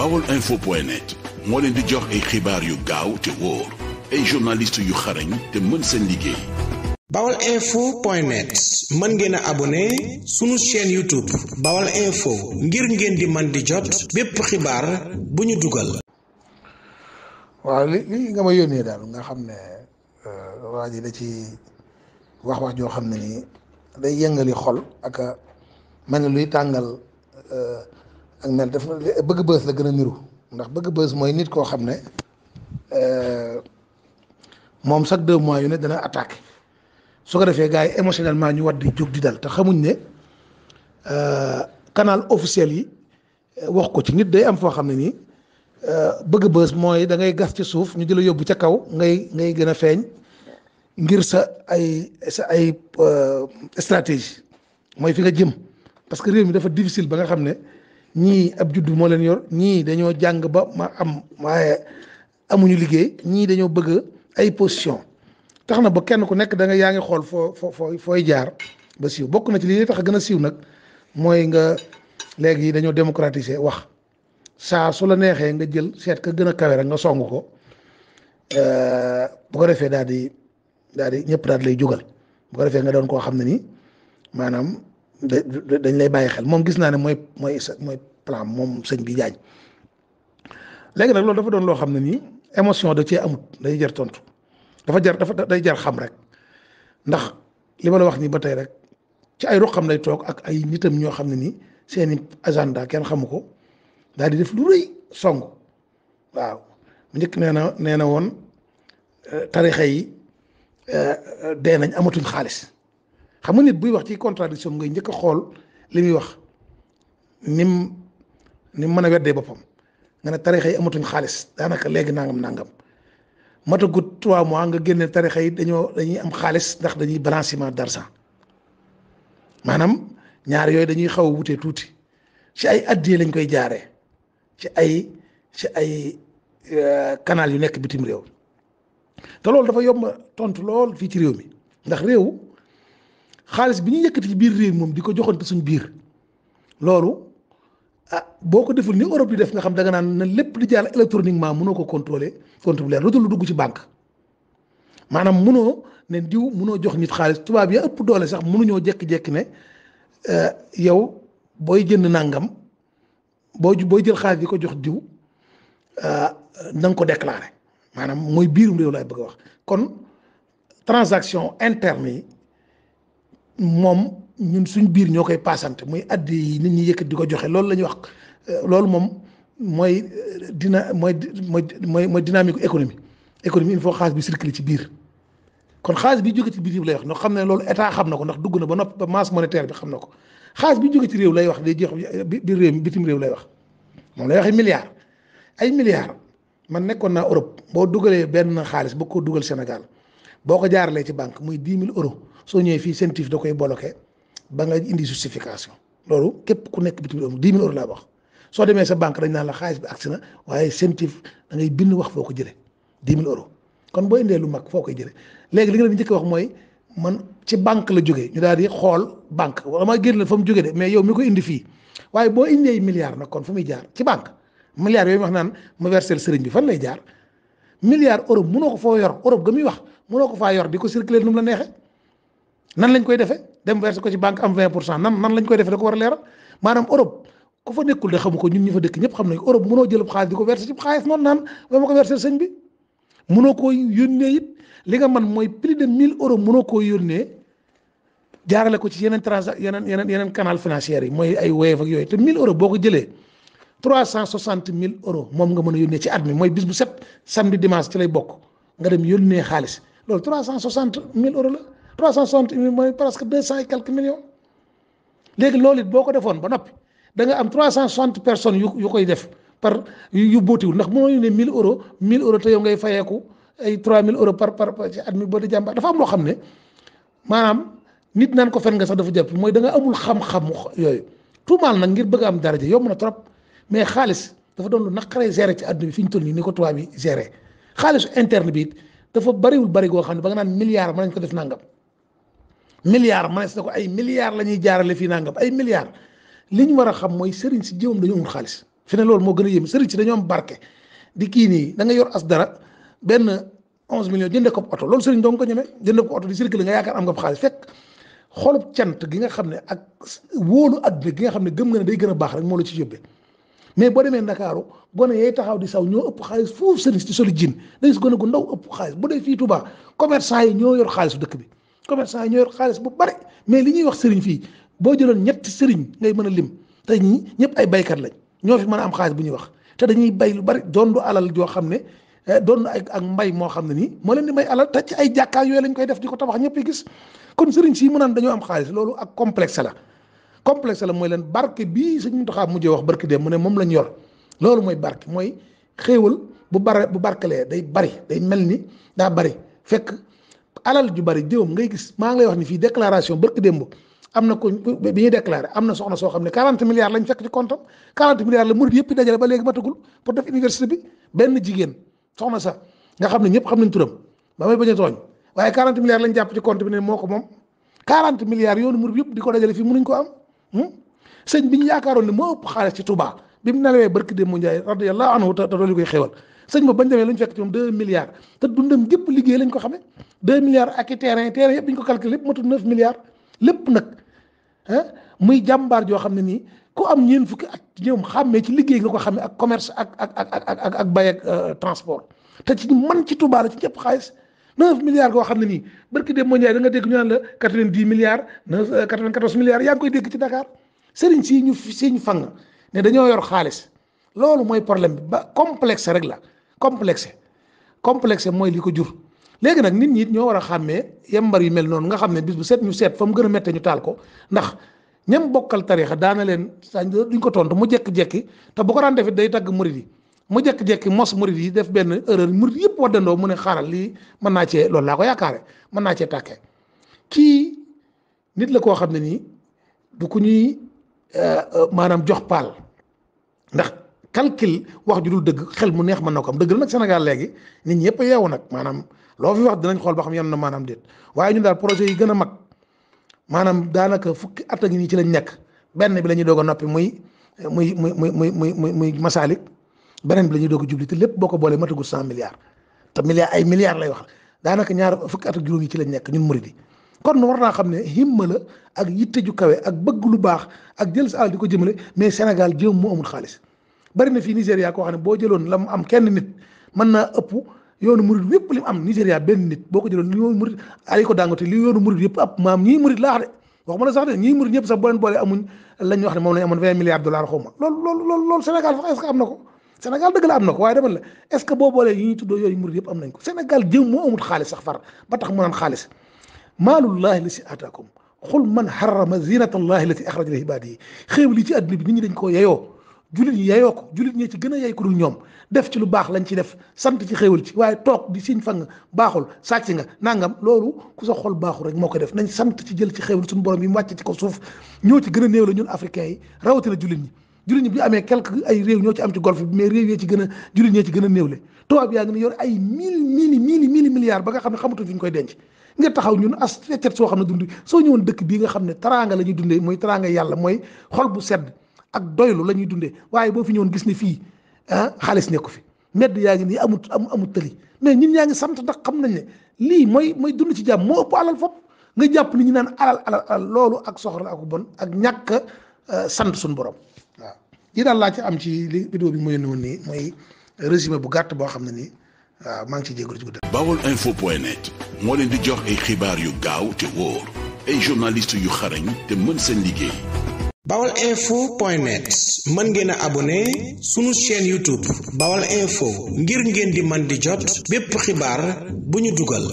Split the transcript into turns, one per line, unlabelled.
bawol info point moo leen di jox ay xibaar yu gaaw te wóor ay journaliste yu xarañ te mën seen liggéey bawal point net mën ngeen a abonné sunu chaîne youtube bawal info ngir ngeen di man di jot bépp xibaar bu ñu dugal waaw li li nga ma yónnee daal nga xam ne euh, waa ji da ci wax wax joo xam ne nii day yëngali xol ak mel ni luy tàngal euh, ak mel daf bëgg bës la gën a niru ndax bëgg bës mooy nit koo xam ne euh, moom chaque deux mois yu ne dana attaque su ko defee gars yi émotionnellement ñu war di jóg di dal te xamuñ ne euh, canal officiel yi euh, wax ko ci nit day am foo xam ne nii bëgg bës mooy da ngay gas ci suuf ñu jëla yóbbu ca kaw ngay ngay gën a feeñ ngir sa ay sa ay stratégie mooy fi nga jëm parce que réew mi dafa difficile ba nga xam ne. ñii ab juddu moo leen yor ñii dañoo jàng ba ma am waaye amuñu liggéey ñii dañoo bëgg ay position tax na ba kenn ku nekk da yaa ngi xool foo foo fooy jaar ba siiw bokk na ci lii tax a gën a siiw nag mooy nga léegi dañoo démocratiser wax saa su la neexee nga jël seet ka gën a kawe nga song ko eh, bu ko defee daal di daal di ñëpp daal lay jógal bu defee nga doon koo xam ne nii maanaam. dañ lay bàyyi xel moom gis naa ne mooy mooy mooy plan moom sëñ bi jaañ léegi nag loolu dafa doon loo xam ne nii émotion da cee amut day jar tontu dafa jar dafa day jar xam rek ndax li ma la wax nii ba tey rek ci ay xam lay toog ak ay nitam ñoo xam ne nii seeni agenda kenn xamu ko daal di def lu rëy song waaw mu njëkk nee na nee na woon eh, tarixa yi eh, dee nañ amatuñ xaalis xam nga nit buy wax ci contradiction ngay njëkk a xool li muy wax nim nim mën a weddee boppam nga ne tarixa yi amatuñ xaalis daanaka léegi nangam nangam matagut trois mois nga génne tarixa yi dañoo dañuy am xaalis ndax dañuy balancement d'argent maanaam ñaar yooyu dañuy xaw a wutee tuuti ci ay addiyee lañ koy jaare ci ay ci ay euh, canal yu nekk bitim réew te loolu dafa yomb tontu lool fii ci réew mi ndax réew xaalis bi ñu yëkkati ci biir réew moom di ko joxante suñ biir loolu ah boo ko deful ni Europe di def nga xam da nga naan na lépp di jàll électroniquement mënoo ko contrôler contrôler lu dul dugg ci banque maanaam mënoo ne diw mënoo jox nit xaalis tubaab yi ëpp doole sax mënuñoo jékki-jékki ne eh, yow booy jënd nangam boo booy jël xaalis di ko jox diw eh, na nga ko déclaré maanaam mooy biirum réew laay bëgg a wax kon transaction interne yi. moom ñun suñ biir ñoo koy paasante muy addi yi nit ñi yëkkat di ko joxe loolu la ñuy wax euh, loolu moom mooy euh, dina mooy mooy mooy dynamique économie économie il faut xaalis bi circuler ci biir kon xaalis bi jóge ci biir lay wax ndax xam ne loolu état xam na ko ndax dugg na ba nopp ba masse monétaire bi xam na ko xaalis bi jóge ci réew lay wax day jox bi réew bitim réew lay wax moom lay waxe milliards ay milliards man nekkoon naa Europe boo dugalee benn xaalis boo ko dugal Sénégal boo ko jaaralee ci banque muy dix mille euros soo ñëwee fii CENTIF da koy bloqué ba nga indi justification loolu képp ku nekk bitim réew dix mille euros laa wax soo demee sa banque dañ naan la xaalis bi agsi na waaye CENTIF da ngay bind wax foo ko jëlee dix mille kon boo indee lu mag foo koy jëlee léegi li nga leen wax mooy man ci banque la jógee ñu daal di xool banque wala ma génn la fa mu jógee de mais yow mi ko indi fii waaye boo indee milliard na kon fu muy jaar ci banque milliards yooyu wax naan ma versé sëriñ bi fan lay jaar milliard euro mënoo ko foo yor Europe ga muy wax mënoo ko faa yor di ko circuler nu mu la neexee nan lañ koy defee dem verser ko ci banque am 20 pour cent nan nan koy defee da ko war a leeral maanaam Europe ku fa nekkul de xamu ko ñun ñu fa dëkk ñëpp xam nañ Europe mënoo jël xaalis ko verser ci xaalis noonu naan ba ma ko li nga man mooy plus de 1000 euros mënoo koo yónnee jaarale ko ci yeneen yeneen yeneen yeneen canal financier yi mooy ay Wave ak yooyu te 1000 euros boo ko jëlee 360000 euros moom nga mën a yónnee ci at mi mooy bis bu set samedi dimanche ci lay bokk nga dem yónnee la. trois cent soixante mooy presque deux cent et quelques millions léegi loolu boo ko defoon ba noppi danga am trois cent soixante personnes yu yu koy def par yu bóotiwul ndax moo ñu ne mille euros mille euros te yow ngay fayeeku ay trois mille euros par par ci at mi boo di jàmba dafa am loo xam ne maanaam naan ko fen nga sax dafa jàpp mooy da nga amul xam yooyu tuumaal nag ngir bëgg am daraja yomb na trop mais xaalis dafa doon lu naqaree gérer ci àdduna bi fi ñu toll nii ni ko tubaab bi gérer xaalisu interne bi it dafa bariwul bari goo xam ne ba nga naan milliard mën nañ ko def nangam milliards manees na ko ay milliards la ñuy jaarale fii nangam ay milliards li ñu war a xam mooy sëriñ si jëmam dañu amul xaalis fi ne loolu moo gën a yéem sëriñ dañoo am barke di kii nii da yor as dara benn onze millions jënde ko oto loolu sëriñ dong ko ñeme jënde ko oto di circulé nga yaakaar am nga xaalis fekk xolub cant gi nga xam ne ak wóolu adduna gi nga xam ne gëm nga ne day gën a baax rek moo la ci yóbbee mais boo demee Ndakaaru gone yay taxaw di saw ñoo ëpp xaalis foofu sëriñ si di soli jin da gis gone gu ndaw ëpp xaalis bu dee fii Touba commerçant yi ñoo yor xaalis dëkk bi commerçant yi ñoo yor xaalis bu bari mais li ñuy wax sëriñ fii boo jëloon ñetti sëriñ ngay mën a lim te ñi ñëpp ay baykat lañ ñoo fi mën a am xaalis bu ñuy wax te dañuy bay lu bari doon du alal joo xam ne eh, doon ak ak mbay moo xam ne nii moo leen di may alal te ay jàkkaar yooyu lañ koy def di ko tabax ñëpp gis kon sëriñ si mu naan dañoo am xaalis loolu ak complexe la complexe la mooy leen barke bii suñu taxaa mujjee wax barke dem mu ne moom lañ yor loolu mooy barke mooy xéewal bu bare bu barkelee day bari day mel ni daa bari fekk alal ju bari jëwam ngay gis maa ngi lay wax ni fii déclaration bërk démb am na ko bi ñuy déclaré am na soxna soo xam ne 40 milliards lañ fekk ci compte am 40 milliards benn jigéen soxna sax nga xam ne ñëpp xam nañ turam ba may bañ a tooñ waaye 40 milliards lañ jàpp ci compte bi ne moo ko moom 40 milliards yoonu murid yëpp di ko dajale fii mënuñ ko am hmm? sëñ bi ñu yaakaaroon ne moo ëpp xaalis ci Touba bi mu nelawee barki démb Ndiaye radiyallahu anhu sëñ ma bañ demee lañ fekk ci moom 2 milliards te dundam gépp liggéey lañ ko xamee 2 milliards ak i terrain terrain yëpp bi ñu ko calculé lépp matul 9 milliards lépp nag ah muy jàmbaar joo xam ne nii ku am ñeen fukki ak ñoom xàmmee ci liggéey nga ko xamee ak commerce ak bay ak euh, transport te ci man ci Touba la ci ñëpp xaalis 9 milliards goo xam ne nii barki dem mondial da nga dégg ñu naan la 90 milliards 9 94 euh, milliards yaa ngi koy dégg ci Dakar sëriñ si ñu si ñu fang ne dañoo yor xaalis loolu mooy problème bi ba complexe rek la. complexé complexé mooy li ko jur léegi nag nit ñi ñoo war a xàmmee yembar yi mel noonu nga xam ne bis bu set ñu seet fa mu gën a mette ñu taal ko ndax ñam bokkal tarixa daana leen saa duñ ko tontu mu jekki-jekki te bu ko daan defit day tagg murid yi mu jekki-jekki mos murid yi def benn mu murid yëpp waddandoo mu ne xaaral lii mën naa cee loolu laa ko yaakaare mën naa cee tàkkee kii nit la koo xam ne nii du ku ñuy euh, euh, maanaam jox paal ndax calcul wax ju dul dëgg xel mu neex man na ko am dëgg la nag Sénégal léegi nit ñi yëpp yeewu nag maanaam loo fi wax dinañ xool ba xam yan na maanaam déet waaye ñun daal projet yi gën a mag maanaam daanaka fukki at a ngi ci lañ nekk benn bi la ñuy doog a noppi muy muy muy muy muy muy muy muy masaalik beneen bi la ñuy doog lépp boo ko boolee matagul cent milliards te milliards ay milliards lay wax daanaka ñaar fukki at ak juróom yi ci lañ nekk ñun murid yi kon war naa xam ne himma la ak yitte ju kawe ak bëgg lu baax ak jël sa àll di ko jëmale mais Sénégal jëm mu amul xaalis bari na fii Nigéria koo xam boo jëloon lam mu am kenn nit mën naa ëpp yoonu murit yëpp li am Nigéria benn nit boo ko jëloon li yoonu murit ali ko dangote li yoonu murit yëpp ab maam ñii murit laax de waxuma la sax de murit ñëpp boo leen boolee amuñ lañ wax ne moom lañ amoon vingt milliards dollars xaw ma loolu loolu loolu loolu Sénégal sax est-ce am na ko Sénégal dëgg am na ko sax far ba tax mu naan xaalis maalullahi si aataakum xul man harrama zinatallahi lati axraja li ibaadihi xéew li ci àdduna bi nit ñi dañ koo yeyoo jullit ñi yeyoo ko jullit ñee ci gën a yey ku dul ñoom def ci lu baax lañ ci def sant ci xéewal ci waaye toog di siñ fang baaxul sàcc nga nangam loolu ku sa xol baaxul rek moo ko def nañ sant ci jël ci xéewal suñu borom yi mu wàcc ci ko suuf ñoo ci gën a néew la ñun africains yi rawatina bi amee quelque ay réew ñoo ci am ci golfe mais réew yee ci gën a jullit ñee ci a néewle tubaab yaa yor ay mille mille mille mille milliards ba nga xam ne xamatuñ fi koy denc nga taxaw ñun as feccet soo xam ne dund soo ñëwoon dëkk bii nga xam ne taraanga la ñuy dundee mooy taraanga yàlla mooy xol bu sedd ak doylu la ñuy dundee waaye boo fi ñëwoon gis ni fii ah xaalis nekku fi medd yaa ngi nii amut am amut tëli mais ñun yaa ngi sant ndax xam nañ ne lii mooy mooy dund ci jàmm moo ëpp alal fop nga jàpp ni ñu naan alal alal alal loolu ak soxor la ak bon ak ñàkk euh, sant suñu borom waa lii laa ci am ci li vidéo bi mu yónni woon nii mooy résumé bu gàtt boo xam ne nii waaw maa ngi ciy jégalu ci guddi. bawol info point net moo leen di jox ay xibaar yu gaaw te wóor ay journaliste yu xarañ te mën seen liggéey. bawal info point net mën ngeen a abonné sunu chaîne youtube bawal info ngir ngeen di man di jot bépp xibaar bu ñu dugal